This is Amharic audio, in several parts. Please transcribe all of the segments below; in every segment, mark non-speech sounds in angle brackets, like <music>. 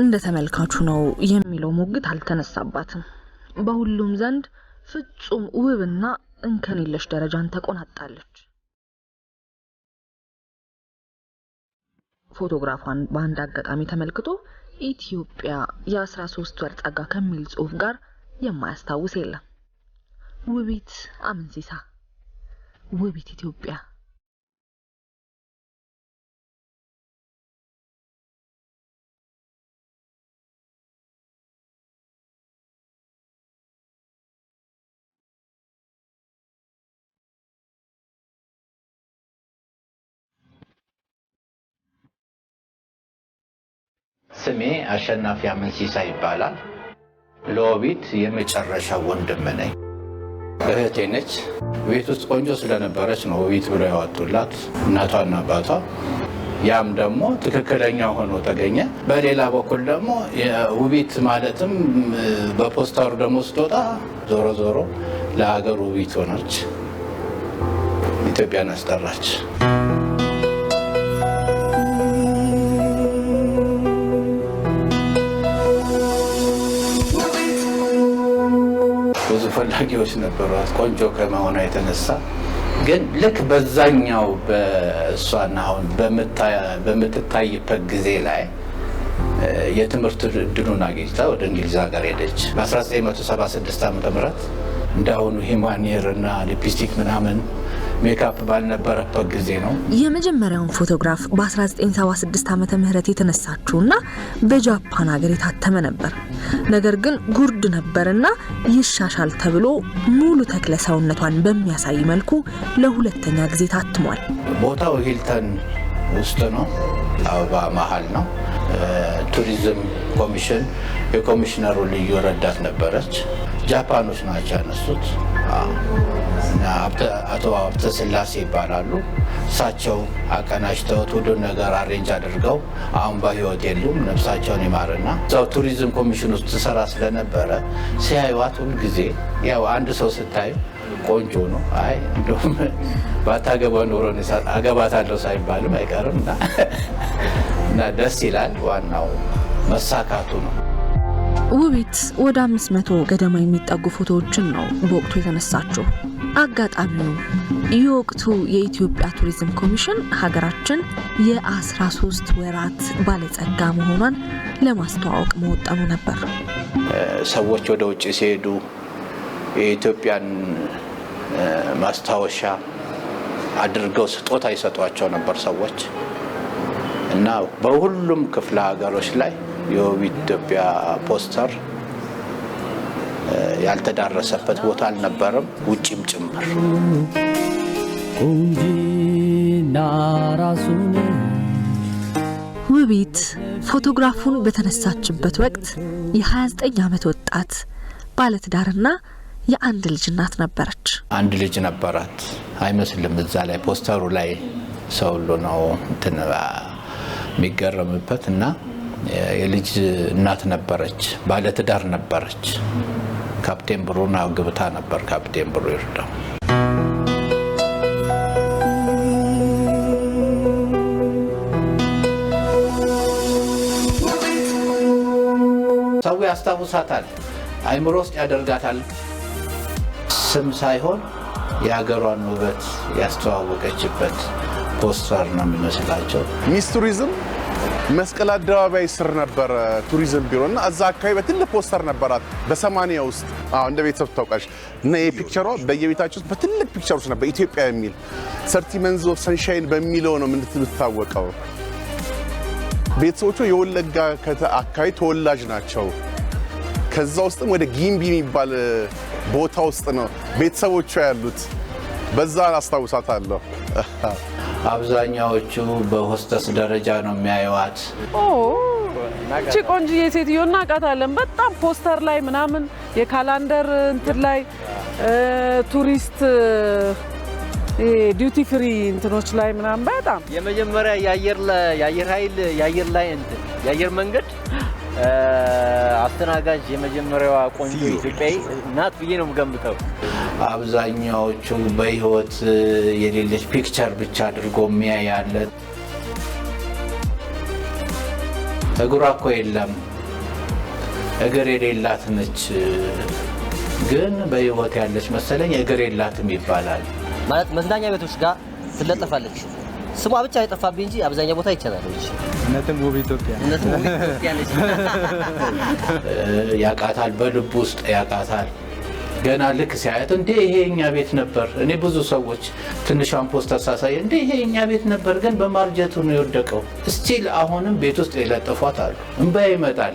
እንደ ተመልካቹ ነው የሚለው ሙግት አልተነሳባትም። በሁሉም ዘንድ ፍጹም ውብና እንከን የለሽ ደረጃን ተቆናጣለች። ፎቶግራፏን በአንድ አጋጣሚ ተመልክቶ ኢትዮጵያ የአስራ ሶስት ወር ጸጋ ከሚል ጽሑፍ ጋር የማያስታውስ የለም። ውቢት አመንሲሳ፣ ውቢት ኢትዮጵያ ስሜ አሸናፊ አመንሲሳ ይባላል። ለኦቢት የመጨረሻ ወንድም ነኝ። እህቴ ነች። ቤት ውስጥ ቆንጆ ስለነበረች ነው ኦቢት ብሎ ያወጡላት እናቷና አባቷ። ያም ደግሞ ትክክለኛ ሆኖ ተገኘ። በሌላ በኩል ደግሞ ውቢት ማለትም በፖስተሩ ደግሞ ስትወጣ ዞሮ ዞሮ ለሀገር ውቢት ሆነች፣ ኢትዮጵያን አስጠራች። ፈላጊዎች ነበሯት ቆንጆ ከመሆኗ የተነሳ ግን ልክ በዛኛው በእሷና አሁን በምትታይበት ጊዜ ላይ የትምህርት እድሉን አግኝታ ወደ እንግሊዝ ሀገር ሄደች። በ1976 ዓ ም እንደ አሁኑ ሂማኒር ሄር እና ሊፕስቲክ ምናምን ሜካፕ ባልነበረበት ጊዜ ነው። የመጀመሪያውን ፎቶግራፍ በ1976 ዓመተ ምህረት የተነሳችውና በጃፓን ሀገር የታተመ ነበር። ነገር ግን ጉርድ ነበርና ይሻሻል ተብሎ ሙሉ ተክለ ሰውነቷን በሚያሳይ መልኩ ለሁለተኛ ጊዜ ታትሟል። ቦታው ሂልተን ውስጥ ነው። አበባ መሀል ነው። ቱሪዝም ኮሚሽን የኮሚሽነሩ ልዩ ረዳት ነበረች። ጃፓኖች ናቸው ያነሱት። አቶ ሀብተ ስላሴ ይባላሉ። እሳቸው አቀናጅተውት ሁሉን ነገር አሬንጅ አድርገው አሁን በህይወት የሉም። ነፍሳቸውን ይማርና እዛው ቱሪዝም ኮሚሽን ውስጥ ትሰራ ስለነበረ ሲያዩዋት ሁልጊዜ ያው አንድ ሰው ስታዩ ቆንጆ ነው። አይ እንደውም ባታገባ ኖሮ አገባታለሁ ሳይባልም አይቀርም <laughs> እና ደስ ይላል። ዋናው መሳካቱ ነው። ውቢት ወደ አምስት መቶ ገደማ የሚጠጉ ፎቶዎችን ነው በወቅቱ የተነሳችው። አጋጣሚው የወቅቱ የኢትዮጵያ ቱሪዝም ኮሚሽን ሀገራችን የ13 ወራት ባለጸጋ መሆኗን ለማስተዋወቅ መወጠኑ ነበር። ሰዎች ወደ ውጭ ሲሄዱ የኢትዮጵያን ማስታወሻ አድርገው ስጦታ ይሰጧቸው ነበር ሰዎች እና በሁሉም ክፍለ ሀገሮች ላይ የውቢት ኢትዮጵያ ፖስተር ያልተዳረሰበት ቦታ አልነበረም፣ ውጭም ጭምር ቁንጂና ራሱን ውቢት ፎቶግራፉን በተነሳችበት ወቅት የ29 ዓመት ወጣት ባለትዳርና የአንድ ልጅ እናት ነበረች። አንድ ልጅ ነበራት አይመስልም። እዛ ላይ ፖስተሩ ላይ ሰው ሁሉ ነው የሚገረምበት እና የልጅ እናት ነበረች፣ ባለትዳር ነበረች። ካፕቴን ብሩን አግብታ ነበር። ካፕቴን ብሩ ይርዳው ሰው ያስታውሳታል፣ አይምሮ ውስጥ ያደርጋታል። ስም ሳይሆን የሀገሯን ውበት ያስተዋወቀችበት ፖስተር ነው የሚመስላቸው ሚስ ቱሪዝም መስቀል አደባባይ ስር ነበረ ቱሪዝም ቢሮ እና እዛ አካባቢ በትልቅ ፖስተር ነበራት በሰማንያ ውስጥ አዎ እንደ ቤተሰብ ታውቃሽ እና ፒክቸሯ በየቤታቸው ውስጥ በትልቅ ፒክቸሮች ነበር ኢትዮጵያ የሚል ሰርቲ መንዝ ኦፍ ሰንሻይን በሚለው ነው የምትታወቀው። ቤተሰቦቹ የወለጋ አካባቢ ተወላጅ ናቸው። ከዛ ውስጥም ወደ ጊምቢ የሚባል ቦታ ውስጥ ነው ቤተሰቦቿ ያሉት። በዛ አለሁ አብዛኛዎቹ በሆስተስ ደረጃ ነው የሚያየዋት። እቺ ቆንጅዬ ሴትዮ እናውቃታለን። በጣም ፖስተር ላይ ምናምን የካላንደር እንትን ላይ ቱሪስት ዲዩቲ ፍሪ እንትኖች ላይ ምናምን በጣም የመጀመሪያ የአየር ኃይል የአየር ላይ እንትን የአየር መንገድ አስተናጋጅ የመጀመሪያዋ ቆንጆ ኢትዮጵያዊ ናት ብዬ ነው የምገምተው። አብዛኛዎቹ በህይወት የሌለች ፒክቸር ብቻ አድርጎ የሚያያለ እግሯ እኮ የለም እግር የሌላት ነች፣ ግን በህይወት ያለች መሰለኝ እግር የላትም ይባላል። ማለት መዝናኛ ቤቶች ጋር ትለጠፋለች። ስሟ ብቻ አይጠፋብኝ እንጂ አብዛኛ ቦታ ይቻላለች። እነትም ውብ ኢትዮጵያ ያቃታል፣ <laughs> በልብ ውስጥ ያቃታል። ገና ልክ ሲያያት እንዴ ይሄ የኛ ቤት ነበር። እኔ ብዙ ሰዎች ትንሿን ፖስተር አሳሳየ እንዴ ይሄ የኛ ቤት ነበር፣ ግን በማርጀቱ ነው የወደቀው። እስቲል አሁንም ቤት ውስጥ የለጠፏት አሉ። እንባ ይመጣል።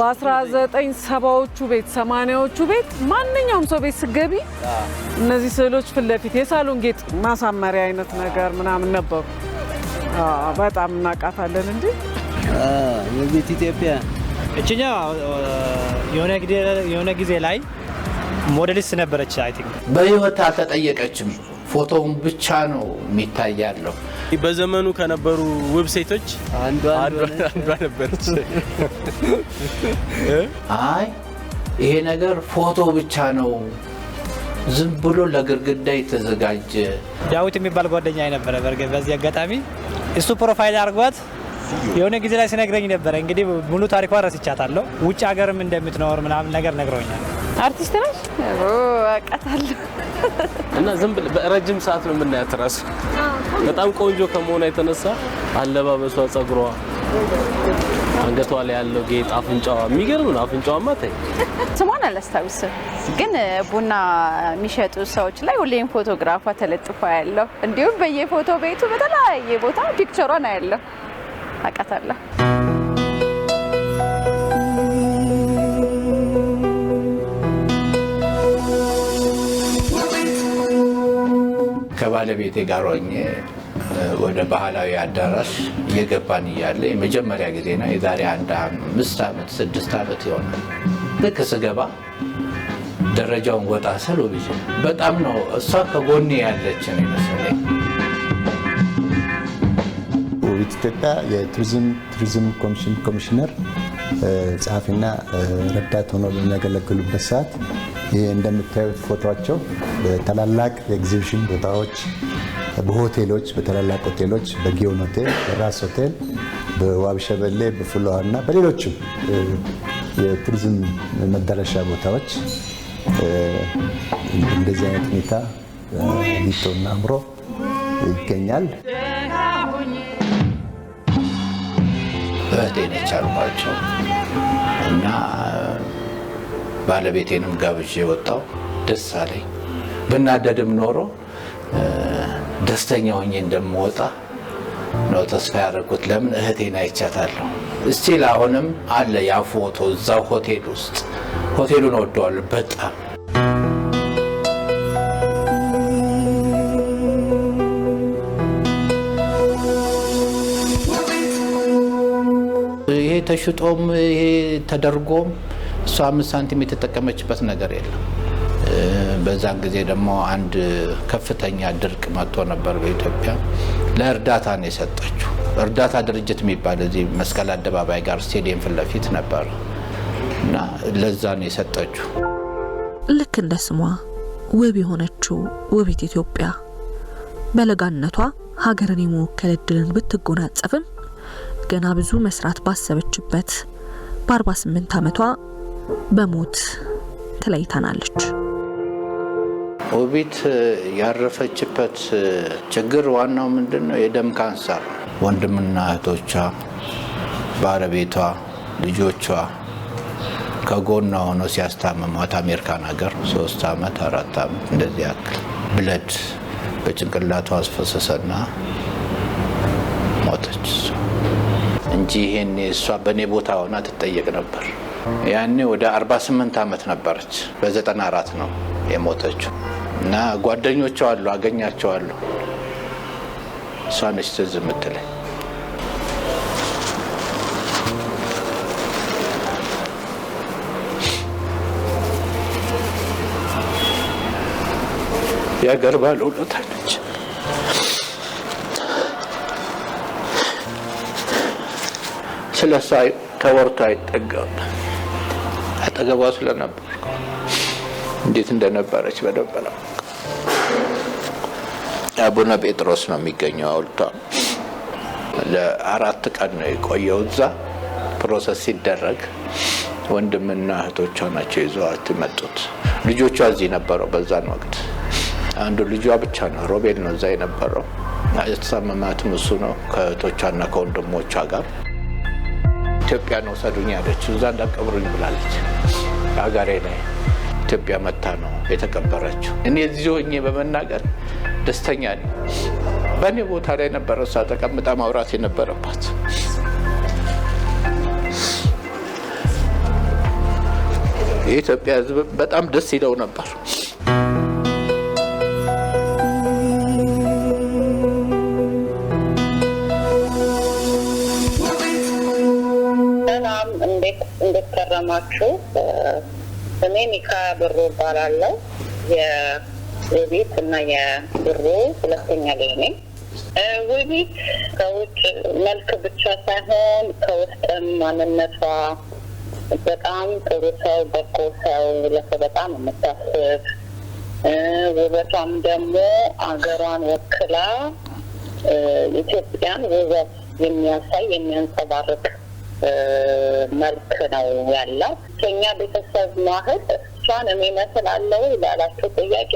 በ1970ዎቹ ቤት ሰማንያዎቹ ቤት ማንኛውም ሰው ቤት ስገቢ እነዚህ ስዕሎች ፊት ለፊት የሳሎን ጌጥ ማሳመሪያ አይነት ነገር ምናምን ነበሩ። በጣም እናቃታለን። እንዲ የቤት ኢትዮጵያ እችኛ የሆነ ጊዜ ላይ ሞዴሊስት ነበረች። አይ ቲንክ በህይወት አልተጠየቀችም። ፎቶውን ብቻ ነው የሚታያለሁ። በዘመኑ ከነበሩ ውብ ሴቶች አንዷ ነበረች። አይ ይሄ ነገር ፎቶ ብቻ ነው ዝም ብሎ ለግርግዳ የተዘጋጀ። ዳዊት የሚባል ጓደኛ ነበረ። በርገ በዚህ አጋጣሚ እሱ ፕሮፋይል አድርጓት የሆነ ጊዜ ላይ ሲነግረኝ ነበረ። እንግዲህ ሙሉ ታሪኳ ረስቻታለሁ። ውጭ ሀገርም እንደምትኖር ምናምን ነገር ነግረውኛል። አርቲስት ነሽ? አውቃታለሁ። እና ዝም ብለህ ረጅም ሰዓት ነው የምናያት። እራሱ በጣም ቆንጆ ከመሆኗ የተነሳ አለባበሷ፣ ጸጉሯ፣ አንገቷ ላይ ያለው ጌጥ፣ አፍንጫዋ የሚገርም ነው። አፍንጫዋማ ተይ ስሟን አላስታውስም፣ ግን ቡና የሚሸጡ ሰዎች ላይ ሁሌም ፎቶግራፏ ተለጥፎ ያለው እንዲሁም በየፎቶ ቤቱ በተለያየ ቦታ ፒክቸሯን አያለሁ። አውቃታለሁ። ከባለቤቴ ጋር ሆኜ ወደ ባህላዊ አዳራሽ እየገባን እያለ የመጀመሪያ ጊዜ ነው። የዛሬ አንድ አምስት ዓመት ስድስት ዓመት ይሆናል። ልክ ስገባ ደረጃውን ወጣ ስል ውብዬ በጣም ነው እሷ ከጎኔ ያለችን ይመስለኝ። ውቢት ኢትዮጵያ የቱሪዝም ኮሚሽን ኮሚሽነር ጸሐፊና ረዳት ሆኖ በሚያገለግሉበት ሰዓት ይህ እንደምታዩት ፎቶቸው ታላላቅ የኤግዚቢሽን ቦታዎች በሆቴሎች በታላላቅ ሆቴሎች በጊዮን ሆቴል፣ በራስ ሆቴል፣ በዋብሸበሌ፣ በፍሎሃ እና በሌሎችም የቱሪዝም መዳረሻ ቦታዎች እንደዚህ አይነት ሁኔታ ሊቶና አምሮ ይገኛል። እህቴ ነች አልኳቸው እና ባለቤቴንም ጋብዤ ወጣው። ደስ አለኝ። ብናደድም ኖሮ ደስተኛ ሆኜ እንደምወጣ ነው ተስፋ ያደረኩት። ለምን እህቴን አይቻታለሁ። እስቲል አሁንም አለ ያ ፎቶ እዛው ሆቴል ውስጥ። ሆቴሉን ወደዋለሁ በጣም ተሽጦም ይሄ ተደርጎም እሷ አምስት ሳንቲም የተጠቀመችበት ነገር የለም። በዛን ጊዜ ደግሞ አንድ ከፍተኛ ድርቅ መጥቶ ነበር በኢትዮጵያ። ለእርዳታ ነው የሰጠችው። እርዳታ ድርጅት የሚባል እዚህ መስቀል አደባባይ ጋር ስቴዲየም ፊት ለፊት ነበር እና ለዛ ነው የሰጠችው። ልክ እንደ ስሟ ውብ የሆነችው ውቢት ኢትዮጵያ በለጋነቷ ሀገርን የመወከል እድልን ብትጎናጸፍም ገና ብዙ መስራት ባሰበችበት በ48 ዓመቷ በሞት ተለይታናለች። ውቢት ያረፈችበት ችግር ዋናው ምንድን ነው? የደም ካንሰር። ወንድምና እህቶቿ፣ ባለቤቷ፣ ልጆቿ ከጎኗ ሆኖ ሲያስታምሟት አሜሪካን ሀገር ሶስት ዓመት አራት ዓመት እንደዚህ ያክል ብለድ በጭንቅላቷ አስፈሰሰና እንጂ ይሄኔ እሷ በእኔ ቦታ ሆና ትጠየቅ ነበር። ያኔ ወደ 48 ዓመት ነበረች። በ94 ነው የሞተችው እና ጓደኞቿ አሉ አገኛቸዋለሁ። እሷ ነች ትዝ የምትለኝ። የአገር ባለውለታ ነች። ስለ እሷ ተወርቶ አይጠገም። አጠገቧ ስለነበር እንዴት እንደነበረች በደንብ ነው። አቡነ ጴጥሮስ ነው የሚገኘው አውልቷ ለአራት ቀን ነው የቆየው እዛ ፕሮሰስ ሲደረግ ወንድምና እህቶቿ ናቸው ይዘዋት የመጡት። ልጆቿ እዚህ ነበረው በዛን ወቅት አንዱ ልጇ ብቻ ነው ሮቤል ነው እዛ የነበረው። የተሳመማትም እሱ ነው ከእህቶቿና ከወንድሞቿ ጋር ኢትዮጵያ ነው ሰዱኝ ያለች እዛ እንዳቀብሩኝ ብላለች። አገሬ ላይ ኢትዮጵያ መታ ነው የተቀበረችው። እኔ እዚህ ሆኜ በመናገር ደስተኛ ነኝ። በእኔ ቦታ ላይ ነበረ እሷ ተቀምጣ ማውራት የነበረባት። የኢትዮጵያ ሕዝብ በጣም ደስ ይለው ነበር። እንደምንከረማችሁ። እኔ ኒካ ብሩ እባላለሁ። የውቢት እና የብሩ ሁለተኛ ልጅ ነኝ። ውቢት ከውጭ መልክ ብቻ ሳይሆን ከውስጥም ማንነቷ በጣም ጥሩ ሰው፣ በጎ ሰው፣ ለሰው በጣም የምታስብ ውበቷም ደግሞ አገሯን ወክላ ኢትዮጵያን ውበት የሚያሳይ የሚያንጸባርቅ መልክ ነው ያለው። ከኛ ቤተሰብ ማህል እሷን የሚመስል አለው ላላቸው ጥያቄ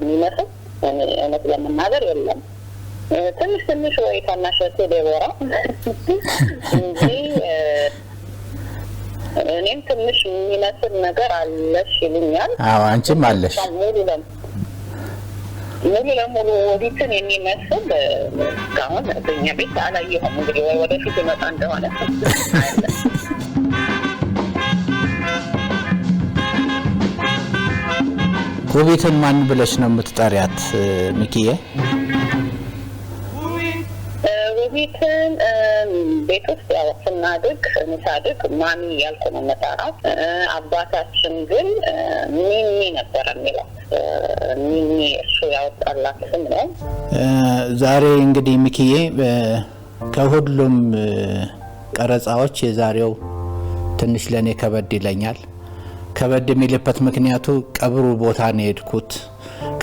የሚመስል እኔ እውነት ለመናገር የለም። ትንሽ ትንሽ ወይ ታናሸቴ ዴቦራ እንጂ እኔም ትንሽ የሚመስል ነገር አለሽ ይሉኛል። አዎ አንቺም አለሽ ሙሉ ሙሉ ለሙሉ ወዲትን የሚመስል እስካሁን ቤት አላየሁም። እንግዲህ ወይ ወደፊት ይመጣ እንደሆነ ማን ብለሽ ነው የምትጠሪያት ሚኪዬ? ውቢትን ቤት ውስጥ ያው ስናድግ ምሳድግ ማሚ ያልኩ ነው መጠራት። አባታችን ግን ሚሚ ነበረ የሚለው ሚኒ እሱ ያወጣላት ስም ነው። ዛሬ እንግዲህ ምክዬ ከሁሉም ቀረጻዎች የዛሬው ትንሽ ለእኔ ከበድ ይለኛል። ከበድ የሚልበት ምክንያቱ ቀብሩ ቦታ ነው የሄድኩት።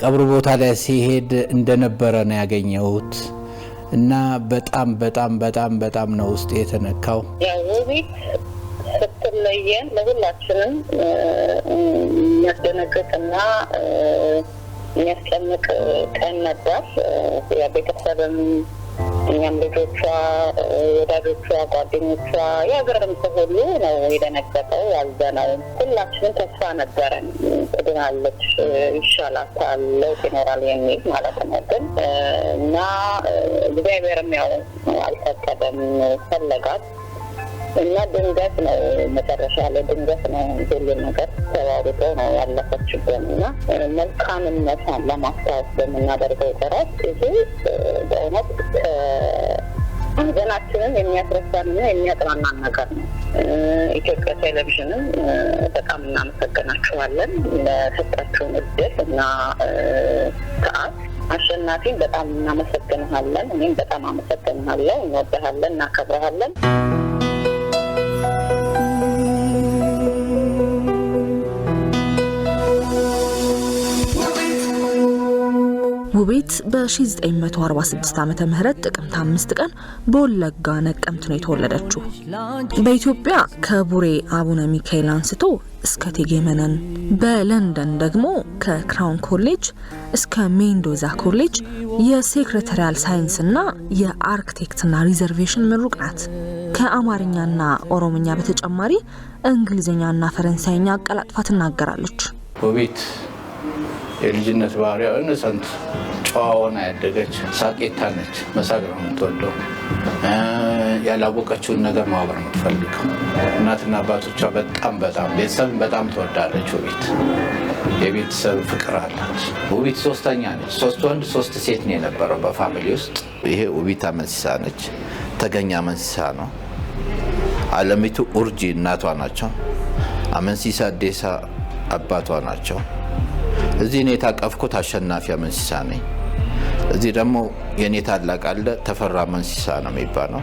ቀብሩ ቦታ ላይ ሲሄድ እንደነበረ ነው ያገኘሁት እና በጣም በጣም በጣም በጣም ነው ውስጥ የተነካው። ለየን ለሁላችንም የሚያስደነግጥና የሚያስጨንቅ ቀን ነበር። ቤተሰብም እኛም ልጆቿ፣ ወዳጆቿ፣ ጓደኞቿ፣ የሀገርም ሰው ሁሉ ነው የደነገጠው፣ ያዘነው። ሁላችንም ተስፋ ነበረን ትድናለች፣ ይሻላታል፣ ለውጥ ይኖራል የሚል ማለት ነው። ግን እና እግዚአብሔርም ያው አልፈቀደም፣ ፈለጋት እና ድንገት ነው መጨረሻ ላይ ድንገት ነው ሁሉ ነገር ተባብጦ ነው ያለፈችብን እና መልካምነቷን ለማስታወስ በምናደርገው ጥረት እዚ በእውነት ዘናችንን የሚያስረሳንና የሚያጥራናን ነገር ነው። ኢትዮጵያ ቴሌቪዥንም በጣም እናመሰግናችኋለን ለሰጣችሁን እድል እና ሰዓት። አሸናፊን በጣም እናመሰግንሃለን። እኔም በጣም አመሰግንሃለሁ። እንወድሃለን፣ እናከብረሃለን። ውቤት በ1946 ዓ ም ጥቅምት አምስት ቀን በወለጋ ነቀምት ነው የተወለደችው። በኢትዮጵያ ከቡሬ አቡነ ሚካኤል አንስቶ እስከ እቴጌ መነን፣ በለንደን ደግሞ ከክራውን ኮሌጅ እስከ ሜንዶዛ ኮሌጅ የሴክሬታሪያል ሳይንስና የአርክቴክትና ሪዘርቬሽን ምሩቅ ናት። ከአማርኛና ኦሮምኛ በተጨማሪ እንግሊዝኛና ፈረንሳይኛ አቀላጥፋ ትናገራለች። ውቤት የልጅነት ባህሪያ ኢኖሰንት ጨዋወና ያደገች ሳቄታ ነች። መሳቅ ነው የምትወደው። ያላወቀችውን ነገር ማወቅ ነው እናትና አባቶቿ በጣም በጣም ቤተሰብን በጣም ትወዳለች። ውቢት የቤተሰብ ፍቅር አላት። ውቢት ሶስተኛ ነች። ሶስት ወንድ ሶስት ሴት ነው የነበረው በፋሚሊ ውስጥ። ይሄ ውቢት አመንሲሳ ነች። ተገኛ አመንሲሳ ነው። አለሚቱ ኡርጂ እናቷ ናቸው። አመንሲሳ ዴሳ አባቷ ናቸው። እዚህ እኔ የታቀፍኩት አሸናፊ መንሲሳ ነኝ። እዚህ ደግሞ የእኔ ታላቅ አለ ተፈራ መንሲሳ ነው የሚባለው።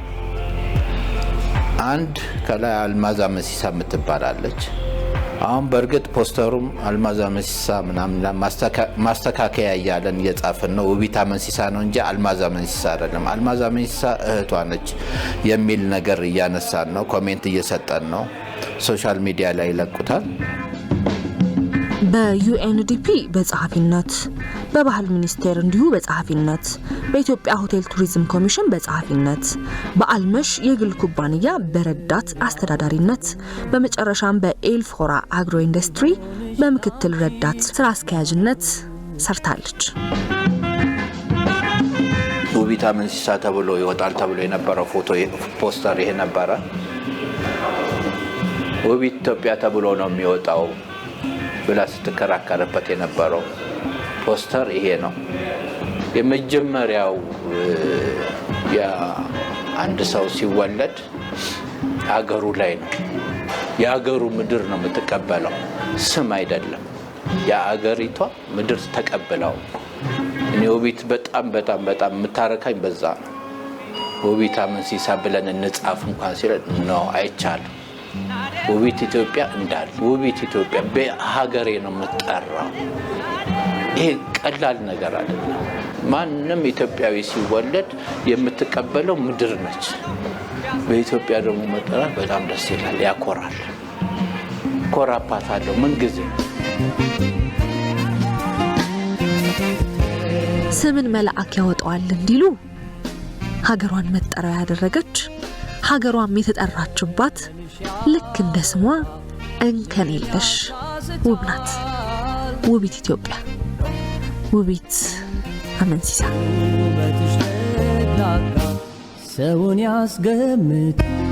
አንድ ከላይ አልማዛ መንሲሳ የምትባላለች። አሁን በእርግጥ ፖስተሩም አልማዛ መንሲሳ ምናምን ማስተካከያ እያለን እየጻፍን ነው። ውቢታ መንሲሳ ነው እንጂ አልማዛ መንሲሳ አይደለም። አልማዛ መንሲሳ እህቷ ነች የሚል ነገር እያነሳን ነው። ኮሜንት እየሰጠን ነው። ሶሻል ሚዲያ ላይ ይለቁታል። በዩኤንዲፒ በጸሐፊነት በባህል ሚኒስቴር እንዲሁ በጸሐፊነት በኢትዮጵያ ሆቴል ቱሪዝም ኮሚሽን በጸሐፊነት በአልመሽ የግል ኩባንያ በረዳት አስተዳዳሪነት በመጨረሻም በኤልፎራ አግሮ ኢንዱስትሪ በምክትል ረዳት ስራ አስኪያጅነት ሰርታለች። ውቢታ ምንሲሳ ተብሎ ይወጣል ተብሎ የነበረው ፎቶ ፖስተር ይሄ ነበረ። ውቢት ኢትዮጵያ ተብሎ ነው የሚወጣው ብላ ስትከራከርበት የነበረው ፖስተር ይሄ ነው። የመጀመሪያው አንድ ሰው ሲወለድ አገሩ ላይ ነው። የአገሩ ምድር ነው የምትቀበለው፣ ስም አይደለም። የአገሪቷ ምድር ተቀብለው እኔ ውቢት በጣም በጣም በጣም የምታረካኝ በዛ ነው። ውቢታ ምንሲሳ ብለን እንጻፍ እንኳን ሲለ ነው አይቻልም። ውቢት ኢትዮጵያ እንዳል ውቢት ኢትዮጵያ በሀገሬ ነው የምጠራው። ይሄ ቀላል ነገር አይደለም። ማንም ኢትዮጵያዊ ሲወለድ የምትቀበለው ምድር ነች። በኢትዮጵያ ደግሞ መጠራት በጣም ደስ ይላል፣ ያኮራል። ኮራባታለሁ ምንጊዜ ስምን መልአክ ያወጣዋል እንዲሉ ሀገሯን መጠሪያ ያደረገች ሀገሯም የተጠራችባት ልክ እንደ ስሟ እንከን የለሽ ውብ ናት። ውቢት ኢትዮጵያ፣ ውቢት አመንሲሳ ሰውን ያስገምት